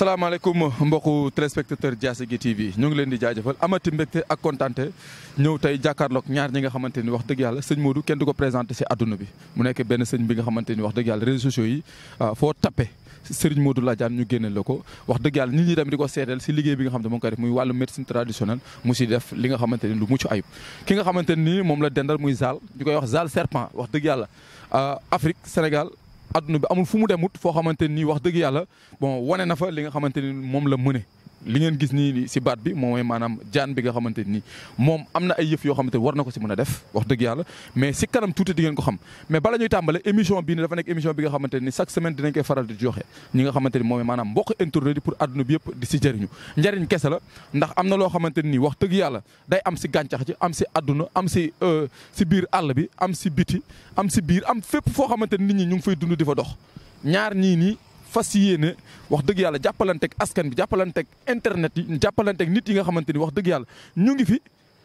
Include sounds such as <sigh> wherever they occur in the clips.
salaamaaleykum mbokku téléspectateur Diassigui TV ñu ngi leen di jaajëfal amati mbégte ak kontante ñëw tey jàkkaarloog ñaar ñi nga xamante ni wax dëgg yàlla sëñ Modou kenn du ko présenté si àdduna bi mu nekk benn sëñ bi nga xamante ni wax dëgg yàlla réseaux sociaux yi ah, foo tappe ñu génnee la ko wax dëgg yàlla nit ñi tamit di ko seetal si liggéey bi nga xam ne mu ngi koy def muy wàllu médecine traditionnelle mu si def li nga xamante ni lu mucc ayib ki nga xamante ni moom la dendal muy Zal ñu koy wax Zal serpent wax dëgg yàlla ah, Afrique Sénégal adduna bi amul fu mu demut foo xamante nii wax dëgg yàlla bon wane na fa li nga xamante ni moom la mëne li ngeen gis ni ci baat bi moom mooy manam jaan bi nga xamanteni mom amna ay yef yo xamanteni war na ci si def wax deug yalla mais ci kanam tuuti di ngeen ko xam mais bala ñuy tambalé émission bi ni dafa nek émission bi nga xamanteni chaque semaine dinañ koy faral di joxé ñi nga xamanteni ni manam mooy maanaam mbokk internet pour aduna bi yëpp di ci jëriñu njëriñ kessa la ndax amna lo xamanteni wax deug yalla day am si gantax ci am si aduna am si euh, ci biir all bi am si biti am si biir am fepp fo xamanteni ni nit ñi ñu ngi fay dund di dox ñaar ñi ni fas yéene wax dëgg yàlla jàppalanteeg askan bi jàppalanteeg internet yi jàppalanteeg nit yi nga xamante ni wax dëgg yàlla ñu ngi fi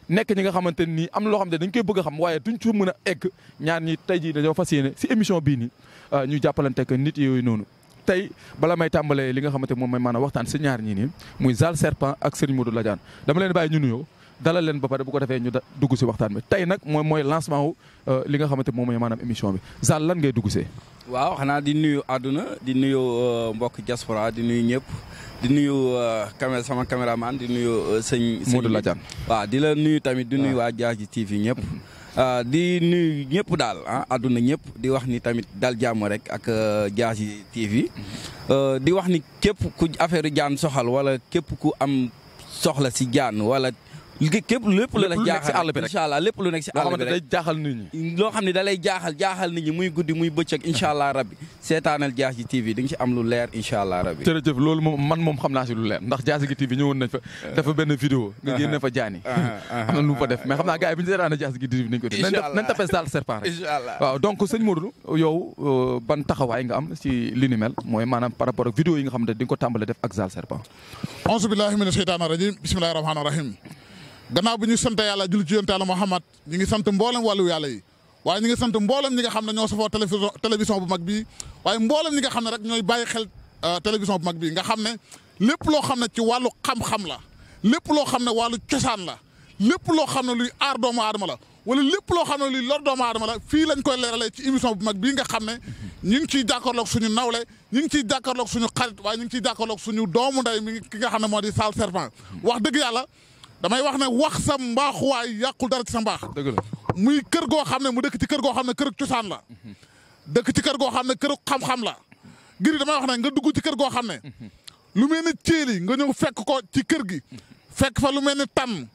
nekk ñi nga xamante ni am loo xam ne dañ koy bëgg xam waaye duñ ci mën a egg ñaar tey jii dañoo fas yéene si émission bii nii ah, ñu jàppalanteeg nit yooyu noonu. tey bala may tàmbalee li nga xamante moom may maanaam waxtaan si ñaar ñii nii muy Zal Serpent ak Serigne Modou Ladiane dama leen bàyyi ñu nuyoo dalal leen ba pare bu ko defee ñu dugg si waxtaan bi tey nag mooy mooy lancement wu ah, li nga xamante moom mooy maanaam émission bi Zal lan ngay dugg waaw xanaa di nuyu àdduna di nuyu euh, mbokk diaspora di nuyu ñëpp di nuyu euh, caméra sama caméraman di nuyu euh, sëñ. Modou Ladiane waaw di la nuyu tamit di nuyu ah. waa Diadji TV ñëpp. di nuyu ñëpp daal ah àdduna ñëpp di wax ni tamit dal jàmm rek ak yi TV di wax ni képp ku affaire jaan soxal wala képp ku am soxla si jaan wala. képp lépp lu nekk si àll bi rek incha allah lépp lu nekk si àll bi rek day jaaxal nit ñi loo xam ne da lay jaaxal jaaxal nit ñi muy guddi muy bëccëg incha allah rabbi seetaanal Diassigui TV di nga am lu leer incha allah rabbi jërëjëf loolu man moom xam naa si lu leer ndax Diassigui TV ñëwoon nañ fa dafa benn vidéo nga génne fa jaani am na lu fa def mais xam naa gars yi bu ñu seetaanee TV nañ ko def nañ tapé sal serpent rek waaw donc sëñ Modou yow euh, ban taxawaay nga am si li mooy maanaam par rapport gannaaw bi ñu sant yàlla julli ci yonent yàlla Muhammad ñu ngi sant mboolem wàllu yàlla yi waaye ñu ngi sant mboolem ñi nga xam ne ñoo safoo télévision télévision bu mag bii waaye mboolem ñi nga xam ne rek ñooy bàyyi xel euh, télévision bu mag bii nga xam ne lépp loo xam ne ci wàllu xam-xam la lépp loo xam ne wàllu cosaan la lépp loo xam ne luy aar doomu aadama la wala lépp loo xam ne luy lor doomu aadama la fii lañ koy leeralee ci émission bu mag bii nga xam ne ñu ngi ciy jàkkaarloog suñu nawle ñu ngi ciy jàkkaarloog suñu xarit waaye ñu ngi ciy jàkkaarloog suñu doomu ndey mi ki nga xam ne moo di Sall Serpent wax dëgg yàlla damay wax ne wax sa mbaaxuwaay yàqul dara sa mbaax. dëgg muy kër goo xam ne mu dëkk ci kër goo xam ne kër cosaan la. Mhm. dëkk ci kër goo xam ne kër xam-xam la. ngir damay wax ne nga dugg ci kër goo xam ne. Mhm. lu mel ni ceeli nga ñëw fekk ko ci kër gi. fekk fa lu mel ni tànn.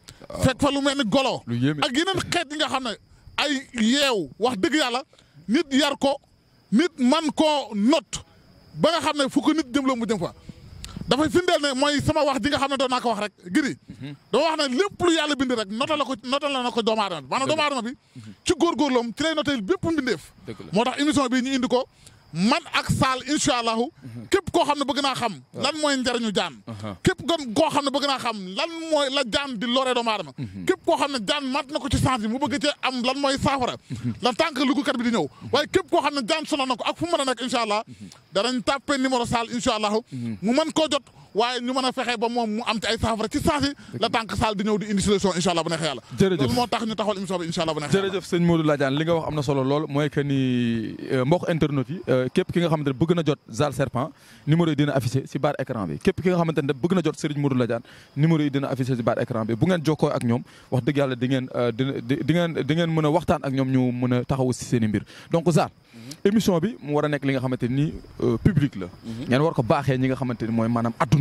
fekk fa lu mel ni golo. ak yeneen xeet yi nga xam ne ay yeew wax dëgg yàlla nit yar ko nit man ko not ba nga xam ne fu ko nit jëm la mu jëm fa. dafay firndeel ne mooy sama wax ji nga xam ne doon naa ko wax rek giri dama wax ne lépp lu yàlla bind rek nota la ko nota la na ko doomu aadama bi maanaam doomu bi ci góorgóorloom ci lay noté bépp mbindeef moo tax émission bi ñu indi ko man ak Saal incha képp koo xam ne bëgg naa xam. lan mooy njariñu jaan. Uh-huh. képp gën koo xam ne bëgg naa xam lan mooy la jaan di lore doomu aadama. Mm-hmm. képp koo xam ne jaan mat na ko ci sens bi mu bëgg cee am lan mooy saafara. Mm-hmm. la tànk liggéeykat bi di ñëw. waaye képp koo xam ne jaan sonal na ko ak fu mu mën a nekk incha allah. danañ tàppee numéro Saal incha allahu. Mm-hmm. mu man koo jot. waaye ñu mën a fexe ba moom mu am ci ay saafara ci saasi la tànk Sall di ñëw di indi solution incha allah bu neexee yàlla loolu moo tax ñu taxawal émission bi na solo euh, euh, ki nga xamante ne bëgg na jot Zal Serpent numéro yi ne bëgg na jot Serigne Modou Ladiane numéro yi dina affiché a waxtaan ak a mhm. mu war a nekk li nga xamante ni euh, public la mhm. ngeen war ko baaxee ñi nga xamante mooy maanaam adduna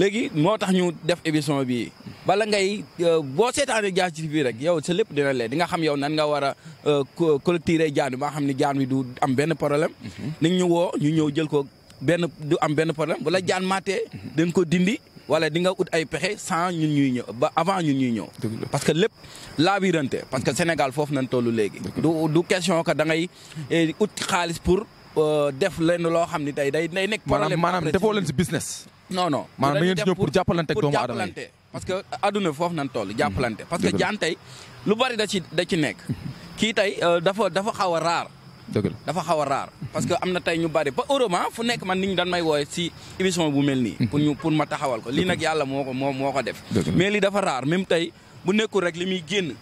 léegi moo tax ñu def émission bi bala ngay euh, boo seetaanee Dias TV rek yow sa lépp dina lee di nga xam yow nan nga war a euh, collecter jaan bi xam ne jaan bi du am benn problème. Mhm. ni ñu woo ñu ñëw jël ko benn du am benn problème wala jaan maatee mhm. dañ ko dindi. wala di nga ut ay pexe san ñu ñuy ñëw ba avant ñun ñuy ñëw. parce que lépp laabirante parce que mhm. Sénégal foofu nañ toll léegi. du du question que da ngay eh, ut xaalis pour euh, def lenn loo xam ne tey day day nekk. problème maanaam defoo leen si business. non non maanaam da ngeen si ñëw pour jàppalante ak doomu aadama parce que adduna foofu nañ toll jàppalante parce que jaan tey lu bari da ci da ci nekk kii tey euh, dafa dafa xaw a raar dëgg dafa xaw a raar parce que am na tey ñu bari ba heureusement fu nekk man ni ñu dañ may wooye si émission bu mel nii pour ñu pour ma taxawal ko lii nag yàlla moo ko moo moo ko def mais li dafa raar même tey bu nekkul rek li muy génn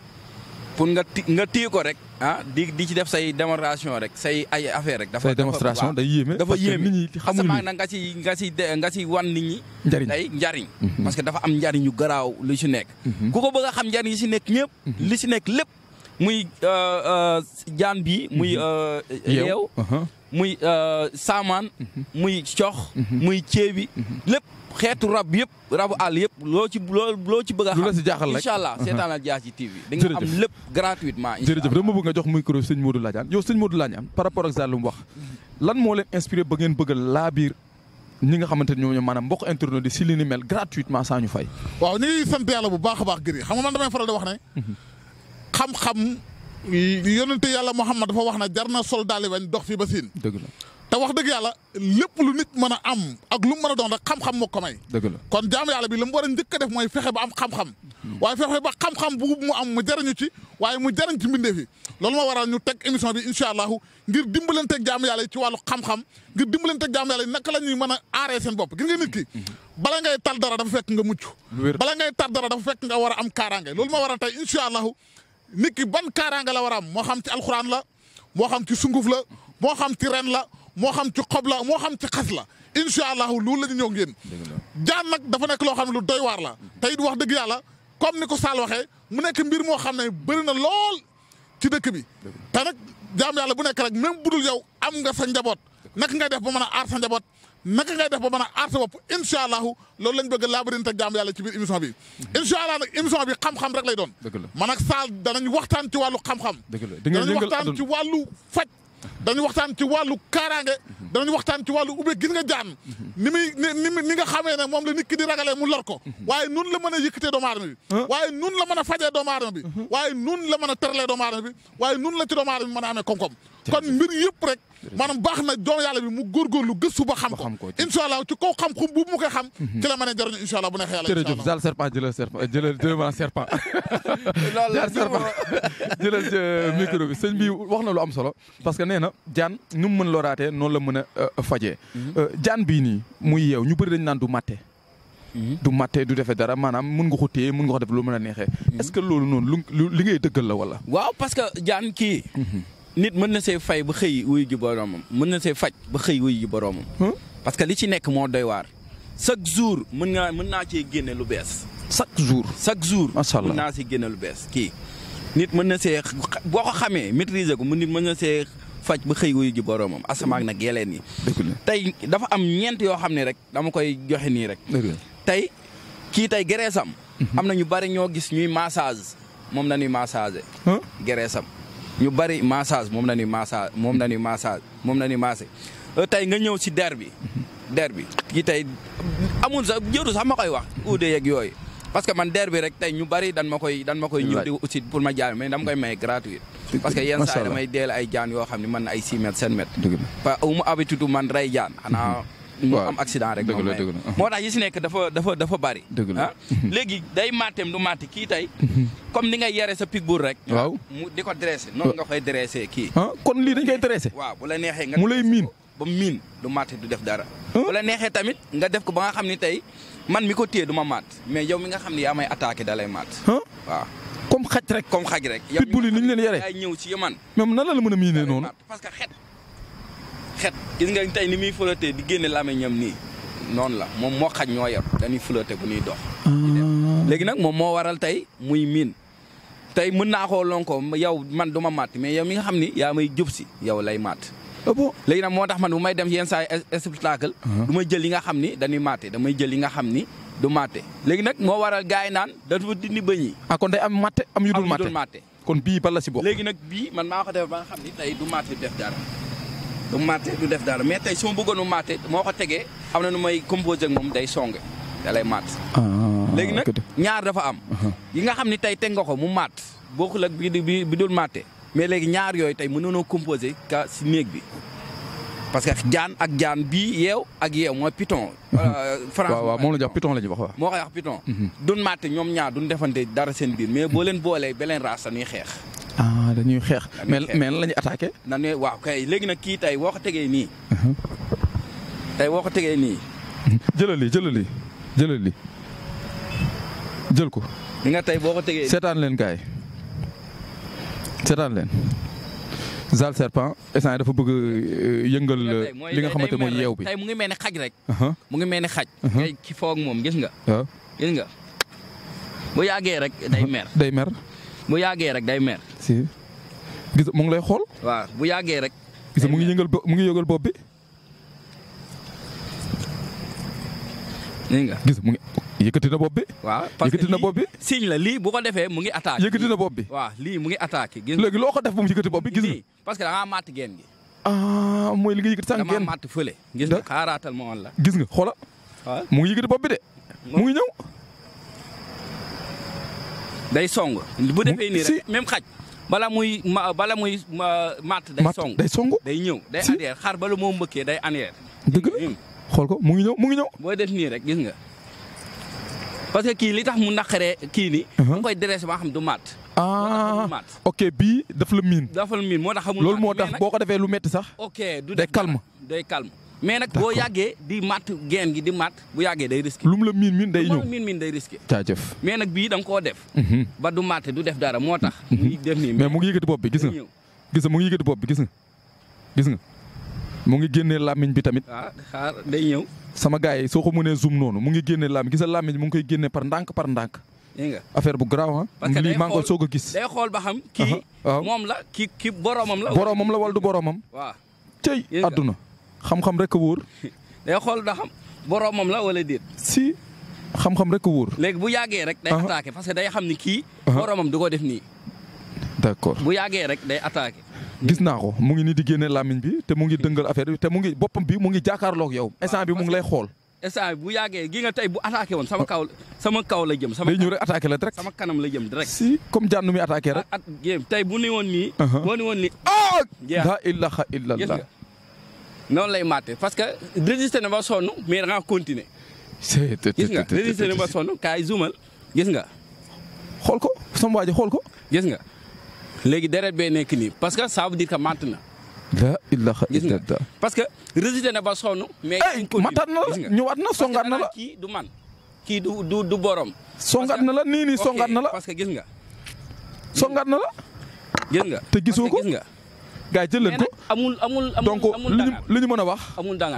pour nga ti nga téye ko rek ah di di ci def say démonstration rek say ay affaire rek. dafa say démonstration day yéeme. dafa yéeme nit ñi xamuñu na nga si nga si nga si wan ni ñi. njariñ day njariñ. Mhm. parce que dafa am njariñ yu garaaw lu si nekk. Mhm. ku ko bëgg a xam njariñ yi si nekk ñëpp. Mhm. lu si nekk lépp muy euh, euh, jaan bi muy. Euh, yeew uh-huh. muy saamaan. muy cox. muy ceebi lépp. xeetu rab yëpp rabu àll yëpp loo ci loo loo bëgg a. lu la si jaaxal rek incha allah seetaanal Diassi TV. jërëjëf allah ba ngeen bëgg a laabiir ñi xamante ne ñoom ñoom maanaam mbokk internet di a baax gëri xam nga man xam-xam yonente yàlla Muhammad dafa wax na jar na soldaali wañ dox fii ba siin te wax dëgg yàlla lépp lu nit mën a am ak lu mu mën a doon rek xam-xam moo ko may. dëgg kon jaam yàlla bi la mu war a njëkk def mooy fexe ba am xam-xam. waaye fexe ba xam-xam bu mu am mu jëriñu ci waaye mu jëriñ ci mbindeef yi loolu moo waral ñu teg émission bi incha allahu ngir dimbalanteeg jaam yàlla yi ci wàllu xam-xam ngir dimbalanteeg jaam yàlla yi naka la ñuy mën a aaree seen bopp gis nga nit bala ngay tal dara dafa fekk nga mucc. bala ngay tal dara dafa fekk nga war a am kaaraange loolu moo waral tey incha allahu ki ban kaaraange la war a am moo xam ci alxuraan la moo xam ci sunguf la moo xam ci ren la moo xam ci xob la moo xam ci xas la incha allahu loolu la ñu ñëw ngeen jaan nag dafa nekk loo xam ne lu doy waar la te it wax dëgg yàlla comme ni ko Sall waxee mu nekk mbir moo xam ne bëri na lool ci dëkk bi te nag jaam yàlla bu nekk rek même budul yow am nga sa njaboot naka ngay def ba mën a aar sa njaboot naka ngay def ba mën a aar sa bopp incha allahu loolu lañ bëgg laabirinte ak jaam yàlla ci biir émission bi incha allah nag émission bi xam-xam rek lay doon man ak Sall danañ waxtaan ci wàllu xam-xam danañ waxtaan ci wàllu faj dañu waxtaan ci wàllu kaaraange danañ waxtaan ci wàllu ubbe gis nga jaan ni muy ni ni nga xamee ne moom la nikki di ragalee mu lor ko waaye nun la mën a yëkkatee doomu aadama bi ah. waaye nun la mën a fajee doomu aadama bi ah. waaye nun la mën a teralee doomu aadama bi waaye ci doomu aadama bi mën a amee koom-koom kon mbir yëpp rek maanaam baax na doon yàlla bi mu góorgóorlu gëstu ba xam ko incha allah ci kaw xam-xam bu mu koy xam mhm. ci la mën a jëriñu incha allah bu neexee yàlla jërëjëf jal serpent jëlal serpent jëlal devant serpent <laughs> jal serpent <laughs> jëlal euh, micro bi sëñ bi wax na lu am solo parce que nee na jaan nu mu mën loraatee noonu la mën a euh, fajee mhm. euh, jaan bii nii muy yeew ñu bëri dañ naan du matte mhm. du matte du defee dara maanaam mën nga ko téye mun nga ko def lu mën a neexee est que loolu noonu lu li ngay dëggal la wala waaw parce que jaan kii nit mën na see fay ba xëy wuyu ji boroomam mën na see faj xëy wuyu ji boroomam. Hmm? parce que li ci nekk moo doy waar. chaque jour mën ngaa mën naa cee génne lu bees. chaque jour chaque jour. macha allah mën naa si génne lu bees kii. nit mën na see boo ko xamee maîtriser ko nit mën see faj ba xëy wuyu ji boroomam asamaak nag yeleen yi. tey dafa am ñeent yoo xam ne rek dama koy joxe nii rek. tey kii tey gereesam. Mhm. am na ñu bari ñoo gis ñuy massage moom la ñuy massager. Hmm? gereesam. ñu bari massage moom na ñuy massage moom na ñuy massage moom la ñuy massé euh, tey nga ñëw si der bi der bi ki tey amul sax jëru sax ma koy wax uude yeeg yooyu parce que man der bi rek tey ñu bari dan ma koy dan ma koy ñëw di aussi pour ma jaay mais dama koy maye gratuit parce que yenn saa damay deel ay jaan yoo xam ne man ay 6 mètres 7 mètres pa mu habitude man rey jaan xanaa ñu am accident rek dëgg la dëgg moo tax yi si nekk dafa dafa dafa bari ah léegi day matteem du matte kii tey comme ni ngay yare sa pitbull rek waaw mu di ko dressé noonu nga koy dressé kii ah, kon lii dañ koy dressé waaw bu la neexee nga mu lay miin ba miin du matte du def dara ah. bu la neexee tamit nga def ko ba nga xam ni tey man mi ko téye du ma maat mais yow mi nga xam ne yaa may attaqué da lay maat ah. waaw comme xaj rek comme xaj rek pitbull yi ni ñu leen yare ay ñëw ci man même na la la mën a miinee noonu parce que xet xet gis nga tey ni muy flotté di génne làmmiñam nii noonu la moom moo xaj ñoo yor dañuy flotté bu nuy dox. Ah. léegi nag moom moo waral tey muy miin tey mën naa koo lonko yow man duma ma màtt mais yow mi nga xam ni yaa may jub si yow lay màtt. Ah léegi nag moo tax man bu may dem yenn saa spectacle ah. du may jël yi nga xam ni dañuy maate damay jël yi nga xam ni du màtte léegi nag moo waral gars yi naan dafa dindi bëñ yi kon day am màtte am yu dul màtte kon bii bala si bokk léegi nag bii man maa ko def ba xam ni tey du màtte def du màtte du def dara mais tey suma ma bëggoon mu màtte moo ko tegee am na nu may composé ak moom day songe da lay màtt. Ah, léegi nag ñaar dafa am. Uh-huh. yi nga xam ni tey teg nga ko mu màtt bokkul ak bi bi bi dul màtte mais léegi ñaar yooyu tey mënoonoo composé ka si néeg bi. parce que jaan ak jaan bii yeew ak yeew mooy piton. Uh-huh. Euh, France waaw waaw moom la wax moo koy wax piton. Uh-huh. duñ màtte ñoom ñaar duñ defante dara seen biir mais booleen leen boolee beleen raas dañuy xeex. Ah, dañuy xeex mais mais lan na ne waaw kay léegi nag kii tey woo ko tegee nii. Mhm. tey woo tegee nii. jëlal <laughs> jëlal lii jëlal jël ko. li nga tey boo ko tegee. seetaan leen gaay seetaan leen. Zal Serpent instant dafa bëgg euh, yëngal li nga xamante mooy yeew bi. tey mu ngi mel ni xaj rek. Uh-huh. mu ngi mel ni xaj. Uh-huh. ngay ki foog moom gis nga. gis nga bu yàggee rek day uh-huh. mer. day mer. bu yàggee rek day mer. si gis mu lay xool. waaw bu yàggee rek. gis mu ngi yëngal mu ngi yëngal bopp bi. nga gis mu ngi yëkkati na bopp bi. waaw parce que lii signe la lii bu ko defee mu ngi attaqué. yëkkati na bopp bi waaw lii mu ngi attaqué. gis léegi loo ko def bu mu yëkkati bopp nga. parce que da geen gi. ah li nga yëkkati sànq geen damaa màtt fële. gis nga xaaraatal la. gis nga xoola mu ngi yëkkati de mu ngi ñëw. day song bu defee nii rek même xaj bala muy ma bala muy matt day song day song day ñëw day arrière xar bala moo mbëkkee day arrière dëgg xool ko mu ngi ñëw mu ngi ñëw boo def nii rek gis nga parce que kii li tax mu naqaree kii ni uh-huh. mu koy dressé ba xam du mat ah ok bii daf la miin daf la miin moo tax xamul loolu moo tax boo ko defee lu metti sax ok du day calme day calme mais nag boo yàggee di matt geen gi di matt bu yàggee day risqué. lu mu la miin miin day ñëw miin miin day risqué. jaajëf mais nag bii da nga koo def. Mhm. ba du matt du def dara moo tax. Mhm. mu ngi mais mu ngi yëkkati bopp bi gis nga. gis nga mu ngi yëkkati bopp ngi génnee làmmiñ bi tamit. waaw ah, xaar day ñëw. sama gars yi soo ko mënee zoom noonu mu ngi génnee làmmiñ gis nga làmmiñ mu ngi koy génnee par ndànk par ndànk. dégg affaire bu garaaw ah. parce lii maa ngi ko soog a gis. day xool ba xam kii. moom la kii kii boromam la. boromam la wala du boromam. waaw cey àdduna xam-xam rek a wóor. <laughs> day xool da xam boromam la wala déet. si xam-xam rek a wóor. léegi bu yàggee rek. day attaqué parce que day xam ni kii. boromam du ko def nii. d'accord bu yàggee rek day attaqué. gis naa ko mu ngi nii di génne làmmiñ bi te mu ngi dëngal affaire bi te mu ngi boppam bi mu ngi jàkkaarloog yow. instant bi mu ngi lay xool. instant bu yàggee gi nga tey bu attaqué woon sama kaw sama kaw la jëm. sama day ñëw rek attaqué la direct. sama kanam la jëm direct. si comme jànn mi attaqué rek. at géem tey bu ni woon nii. boo ni woon nii. ah. la ilaha illallah noonu lay màtte parce que résister na ba sonn mais da ngaa gis nga résister ba sonn kaay zoomal gis nga. xool ko sama waa xool ko. gis nga léegi deret bee nekk nii parce que saabu veut dire que na. la gis nga parce que résister na ba sonn. mais mataat na la ñëwaat na songaat na la kii du man kii du du du borom. songaat na la nii songaat na la parce que gis nga. songaat na la. gis nga te gisoo ko gis gars yi jël ko amul amul amul donc li ñu mën a wax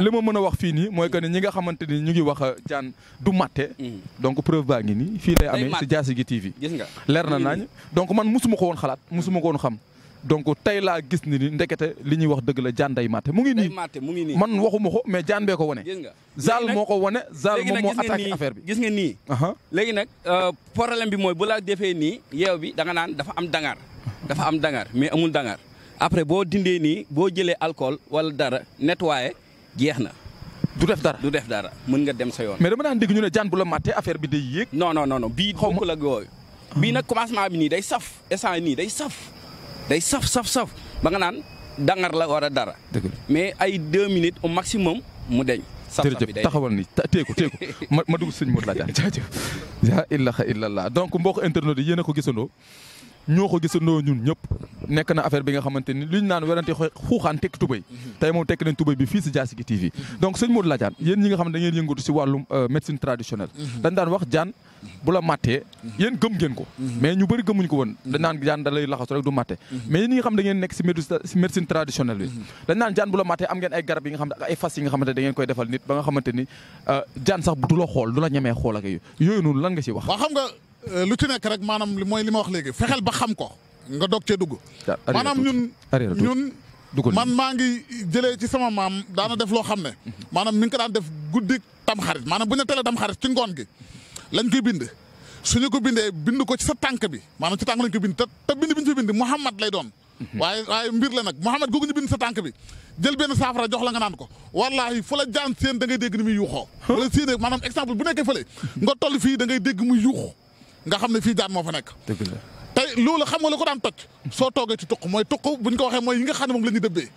li ma mën a wax fii nii mooy que ni ñi nga xamante ni ñu ngi wax jaan euh, du matte mm. donc preuve baa ngi nii fii lay amee si Diassigui TV gis nga leer na naañ donc man musuma ko woon xalaat musuma ko woon xam donc tey laa gis ni ni ndekete li ñuy wax dëgg la jaan day matte mu ngi nii man waxuma ko mais jaan bee ko wane zaal moo ko wane zaal moom moo attaqué affaire bi gis nga nii léegi nag euh, problème bi mooy bu laa defee nii yeew bi da nga naan dafa am dangaar dafa am dangaar mais amul dangaar après boo dindee nii boo jëlee alcool wala dara nettoyé jeex na. du def dara du def dara mën nga dem sa yoon. mais dama naan dégg ñu ne jaan bu la màttee affaire bi day yéeg. non non non bii bokkul ak yooyu. bii nag commencement bi nii day saf instant nii day saf. day saf saf saf ba nga naan dangar la war a dara. mais ay deux minutes au maximum mu deñ. saf saf bi day taxawal ni teeku tee ma ma dugg sëñ Modou <laughs> laa jaan jaajëf. yaa ilaha illallah donc mbokk internet yi yéen a ko gisandoo. ñoo ko gisandoo ñun ñëpp nekk na affaire bi nga xamante ni li ñu naan werante xuuxaan tekki tubay mhm. tey moom tekk nañ tubay bi fii si Diassigui TV mhm. donc sëñ Modou Ladiane yéen ñi euh, mhm. la ko mais ñu bëri gëmuñ ko woon naan jaan da lay laxasu nekk si si médecine traditionnelle bi bu la màttee am ngeen ay garab yi nga xam ne ay fas yi nga xamante da ngeen koy defal nit ba nga xamante euh, jaan sax du la xool du la ñemee xool ak yooyu noonu lan nga si wax Euh, lu ci nekk rek maanaam mooy li ma wax léegi fexeel ba xam ko nga dog cee dugg. maanaam ñun ñun. man maa ngi jëlee ci sama maam daana def loo xam ne. maanaam mi ngi ko daan def guddi tamxarit maanaam bu ñu tele tamxarit ci ngoon gi lañ koy bind. suñu ko bindee bind ko ci sa tànk bi maanaam ci tànk lañ ko bind te bind bi ñu fi bind Muhammad lay doon. Mhm. waaye waaye mbir la nag Muhammad googu ñu bind sa tànk bi jël benn saafara jox la nga naan ko wallahi fu la jaan seen da ngay dégg ni muy yuuxoo. wala seen maanaam exemple bu nekkee fële nga toll fii dangay dégg mu yuuxu. nga xam ne fii jaan moo fa nekk. tey loolu xam nga la ko daan toj. soo toogee ci tuq mooy tuq bu ñu ko waxee mooy yi nga xam ne moom la ñu dëbbee.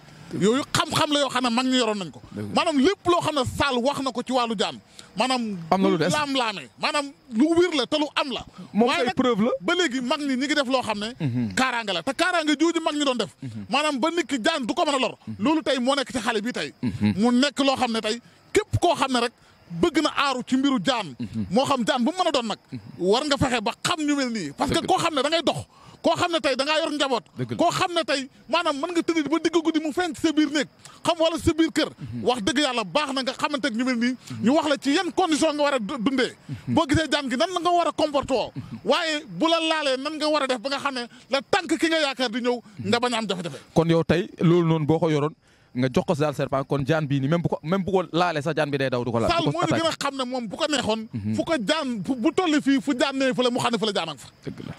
yooyu xam-xam la yoo xam ne mag ñi yoroon nañ ko maanaam lépp loo xam ne Sall wax na ko ci wàllu jaan maanaam am na lu des laam-laame maanaam lu wér la ta lu am la moom ay la ba léegi mag ñi ñi ngi def loo xam ne mhm. kaaraange la te kaaraange jooju mag ñi doon def manam mhm. ba nikki jaan du ko mën a lor mhm. loolu tey moo nekk ci xale bi tey mu nekk loo xam ne tey képp koo xam ne rek bëgg na aaru ci mbiru jaan mhm. moo xam jaan bu mu mën a doon nag mhm. war nga fexe ba xam ñu mel nii parce que koo xam ne da ngay dox koo xam ne tey danga ngaa yor njaboot ko xam ne tey maanaam mën nga tëdd ba digg guddi mu fenn sa biir néeg xam wala sa kër mhm. wax dëgg yàlla baax na nga xamante ñu nii ñu wax la ci yan condition nga war a dundee boo gisee jaan gi nan la nga war a comporté woo waaye bu la laalee nan nga war a def ba nga xamee ne la tànk ki nga yaakaar di ñëw nga a am jafe-jafe kon yow tey loolu noonu boo ko yoroon nga jox ko daal serpent kon jaan bii ni même bu ko même bu ko sax jaan bi day daw du laal. Sall moo ñu gën a xam ne moom bu ko neexoon. Mhm. fu ko jaan bu toll fii fu jaan nee fa la mu xam ne fa fa.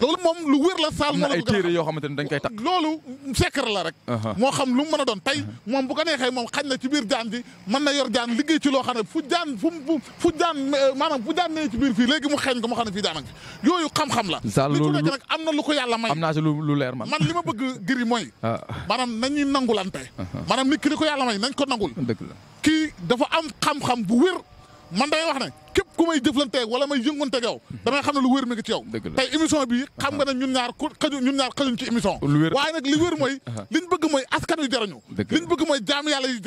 loolu moom la xam rek. Uh-huh. moo xam lu mu mën a doon tey uh-huh. moom bu ko neexee moom xañ na ci biir jaan bi mën na yor jaan liggéey ci loo xam ne fu jaan fu fu jaan maanaam fu jaan nee ci biir fii léegi mu xeeñ ko mu xam ne fii jaan ak fa yooyu xam-xam la. Sall loolu nag am na lu ko yàlla may. am naa si lu leer man man li ma bëgg giri mooy <laughs> ah. maanaam nañuy nangulante uh-huh. maanaam ki ko yàlla may nañ ko nangul. dëgg la kii dafa am xam-xam bu wér man day wax ne. képp ku may jëflanteeg wala may yëngoonteeg yow damay xam ne lu wér mi ci yow tey émission bi xam nga ne ñun ñaar ku ñun ñaar xajuñ ci émission waaye nag li wér mooy <laughs> liñ bëgg mooy askan yu jëriñu liñ bëgg mooy jaam yàlla yi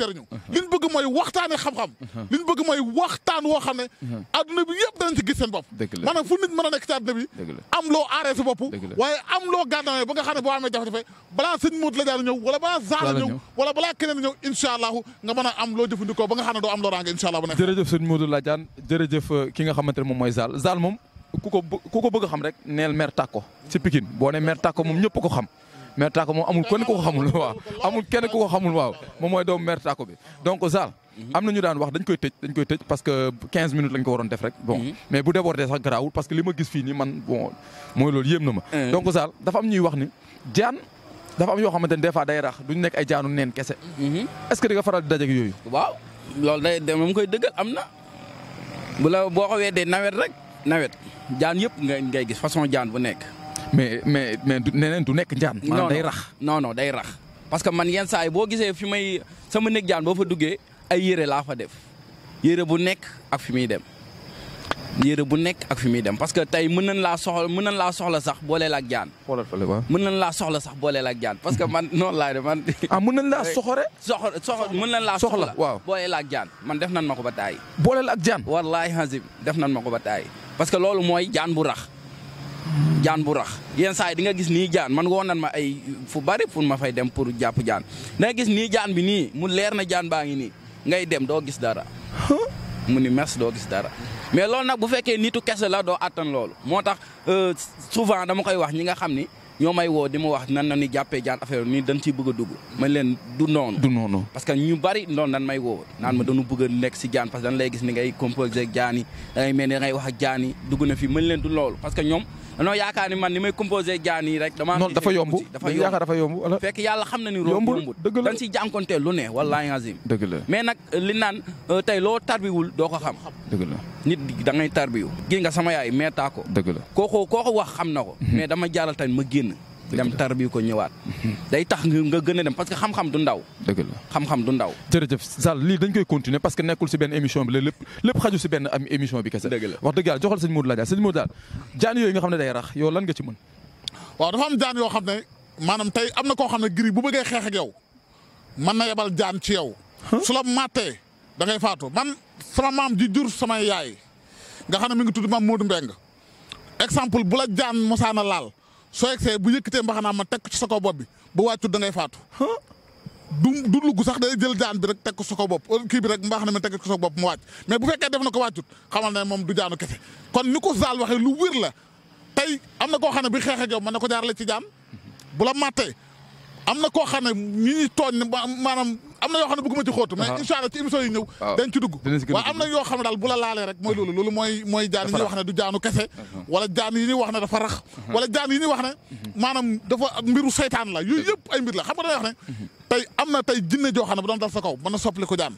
liñ bëgg mooy waxtaane xam-xam liñ bëgg mooy waxtaan woo xam ne adduna bi yëpp danañ ci gis seen bopp maanaam fu nit mën a nekk ci adduna bi am loo aaree sa bopp waaye am loo gàddaanee ba nga xam ne boo amee jafe-jafe balaa sëñ Moot jërëjëf euh, ki nga xamante moom mooy Zal Zal moom ku ko ku a xam rek neel mer tàkko ci Pikine boo ne mer tàkko moom ñëpp ko xam mer tàkko moom amul kenn ko xamul waaw moom mooy doomu mer tàkko bi donc Zal mhm. am na ñu daan wax dañ koy tëj parce que minutes lañ ko def rek bon mhm. mais bu débordé sax garaawul parce que li gis fii nii man mooy loolu yéem na ma mhm. donc Zal dafa am ñuy wax ni jaan dafa am yoo xamante ne day rax duñ nekk ay jaanu neen kese bu la boo ko weddee nawet rek nawet jaan yëpp ngay ngay gis façon jaan bu nekk. mais mais mais du neneen du nekk jaan. non day rax non non day rax. parce que man yenn saa yi boo gisee fi may sama nekk jaan boo fa duggee ay yére laa fa def yére bu nekk ak fi muy dem. yére bu nekk ak fi muy dem parce que tey mën nañ laa soxla mën nañ laa soxla sax booleel ak jaan. xoolal fële waaw mën nañ laa soxla sax booleel ak jaan parce que man noonu laay def man. <laughs> ah mën nañ laa soxore. soxor soxor mën nañ laa soxla waaw booleel ak jaan man def nañ ma ko ba taay. booleel ak jaan. wallaahi hazib def nañ ma ko ba taay parce que loolu mooy jaan bu rax. jaan bu rax yen saa yi di nga gis nii jaan man woon nan ma ay fu bari pour ma fay dem pour jàpp jaan da gis nii jaan bi nii mu leer na jaan baa ngi nii ngay dem doo gis dara. mu ni merci doo gis dara mais loolu nag bu fekkee nitu kese la doo attan loolu moo tax euh, souvent dama koy wax ñi nga xam ni ñoo may woo di ma wax nan na ni jàppee jaan affaire nii dañ ciy bëgg a dugg man leen du noonu du noonu parce que ñu bari noonu nan may woo naan ma dañu bëgg nekk si jaan parce que dañ lay gis ni ngay composé ak jaan yi dangay mel ni da wax ak jaan yi dugg na fi man leen du loolu parce que ñoom danoo yaakaar ni man ni may composé jaan yi rek. damaa non dafa yomb dafa yomb yaakaar dafa yomb fekk yàlla xam na ni room yombul dëgg la dañ siy jànkonteel lu ne wallaahi azim. dëgg la mais nag euh, li naan euh, tey loo tarbiwul doo ko xam. dëgg la nit da ngay tarbiwu. gii nga sama yaay meetaa ko. dëgg la kooku kooku wax xam na ko. Mhm. mais dama jaaral tan ma génn dem tarbi ko ñëwaat. <laughs> day tax nga gën a dem parce que xam-xam du ndaw. dëgg xam-xam du ndaw. jërëjëf Sall lii dañ koy continuer parce que nekkul si benn émission bi la lépp lépp xaju si benn am émission bi kese. wax dëgg yàlla joxal sëñ Modou Ladiane sëñ Modou daal jaan yooyu nga xam ne day rax yow lan nga ci mën. waaw dafa jaan yoo xam ne maanaam tey am na koo xam ne Gris bu bëggee xeex ak yow na yebal jaan ci yow. su la màttee da ngay faatu man sama maam ji jur sama yaay nga xam ne mu ngi tudd maam Modou Mbeng exemple bu la jaan mosaana laal soo yegsee bu yëkkatee mbaxanaam ma teg ko ci sa kaw bopp bi bu wàccut da ngay faatu. du du lugg sax day jël jaan bi rek teg ko sa kaw bopp kii bi rek mbaxana mi teg ko sa bopp mu wàcc mais bu fekkee def na ko wàccut xamal ne moom du jaanu kese kon ni ko Zal waxee lu wér la tey am na koo xam ne bi xeex ak yow mën na ko jaarale ci jaan bu la màttee am na koo xam ne ñi ñuy tooñ maanaam am na yoo xam ne bëgguma ci xóotu mais incha allah ci émission yi ñëw dañ ci dugg waaye am na yoo xam ne daal bu la laalee rek mooy loolu loolu mooy mooy jaan yi ñuy wax ne du jaanu kese wala jaan yi ñuy wax ne dafa rax wala jaan yi ñuy wax ne maanaam dafa mbiru seytaan la yooyu yëpp ay mbir la xam nga day wax ne tey am na tey jinne joo xam ne bu doon dal sa kaw mën na soppali ko jaan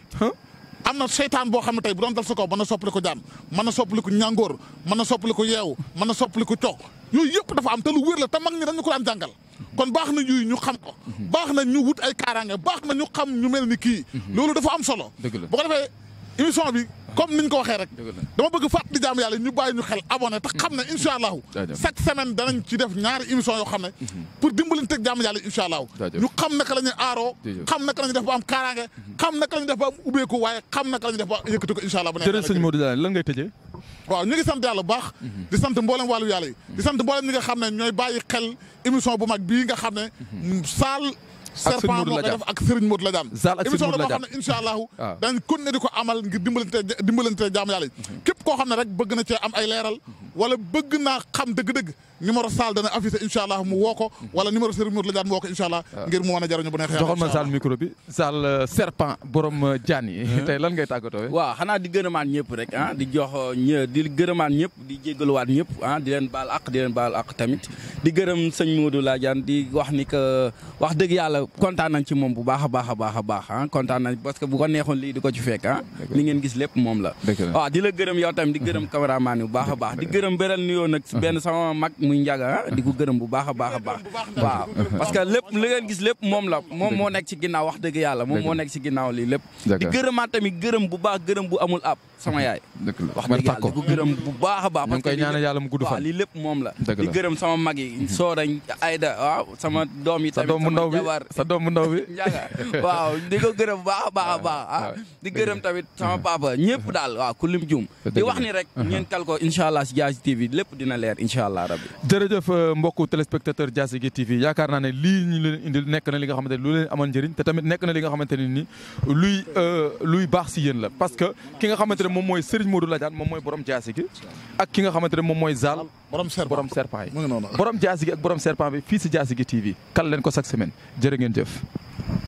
am na seytaan boo xam ne tey bu doon dal sa kaw mën na soppali ko jaan mën na soppali ko ñàngoor mën na soppali ko yeew mën na soppali ko coox yooyu yëpp dafa am te lu wér la te mag ñi dañu ko daan jàngal kon baax na ñuy ñu xam ko baax na ñu wut ay kaaraange baax na ñu xam ñu mel ni kii loolu dafa am solo bu ko defee émission bi comme niñ ko waxee rek dama bëgg fàttali jaam yàlla ñu bàyyi ñu xel abonné te xam ne incha allahu chaque semaine danañ ci def ñaari émission yoo xam ne mhm. pour dimbalin teg jaam yàlla incha allahu ñu xam naka la ñuy aaroo xam naka la ñuy def ba am kaaraange mhm. xam naka la ñuy def ba am ubbeeku waaye xam naka la ñuy def ba yëkkati ko incha allah bu nekk ngay tëjee waaw ñu ngi sant yàlla bu baax mhm. di sant mboolem wàllu yàlla yi di sant mboolem ñi nga xam ne ñooy bàyyi xel émission bu mag bii nga xam ne mhm. saal serpent moo koy xam ne bëgg na cee am ay leeral mhm. wala bëgg naa xam dëgg-dëgg numéro saal woo ko mhm. wala numéro Serigne Modou la Diam a jariñu bu neexee joxal ma saal jaan yi tey lan ngay tàggatoo waaw xanaa di gërëmaan ñëpp rek ah di jox euh, di gërëmaan ñëpp di jégaluwaat ah, di leen baal ak di leen baal ak tamit di gërëm sëñ Modou la Diam di wax ni que wax dëgg yàlla kontaan nañ ci moom bu baax a baax a baax a baax ah kontaan nañ parce que bu ko neexoon lii di ko ci fekk ah li ngeen gis lépp moom la waaw ah, di la gërëm yow tamit di gërëm cameraman bu baax a baax di gërëm beral nuyoo nag benn sama mag muy njaga ah. ko a a parce que lépp li ngeen gis lépp moom la moom moo nekk ci ginnaaw wax dëgg yàlla moom moo nekk ci ginnaaw lii lépp di gërëmaat tamit gërëm bu baax gërëm bu amul ab sama yaay wax dëgg yàlla di ko gërëm bu baax a baax ñu koy ñaanal yàlla mu gudd fan lii lépp moom di gërëm sama mag yi sa doom bu ndaw bi. <laughs> waaw di ko gërëm baax a baax a ah, ah, ah. gërëm tamit sama mm. papa ñëpp daal waaw ku lim jum. di wax ni rek ñeen mm-hmm. kal ko incha allah si Diassigui TV lépp dina leer incha allah rabbi. jërëjëf euh, mbokku téléspectateur Diassigui TV yaakaar naa ne lii ñu leen indil nekk na li nga xamante ne lu leen amoon njëriñ te tamit nekk na li nga xamante ne nii euh, luy baax si yéen la parce que ki nga xamante ne moom mooy Serigne Modou Ladiane moom mooy borom Diassigui ak ki nga xamante ne moom mooy Zal. borom serpent borom serpent yi. mu ngi noonu borom jaasi gi ak borom serpent bi fii si Jaasi gi TV. kal leen ko chaque semaine jërë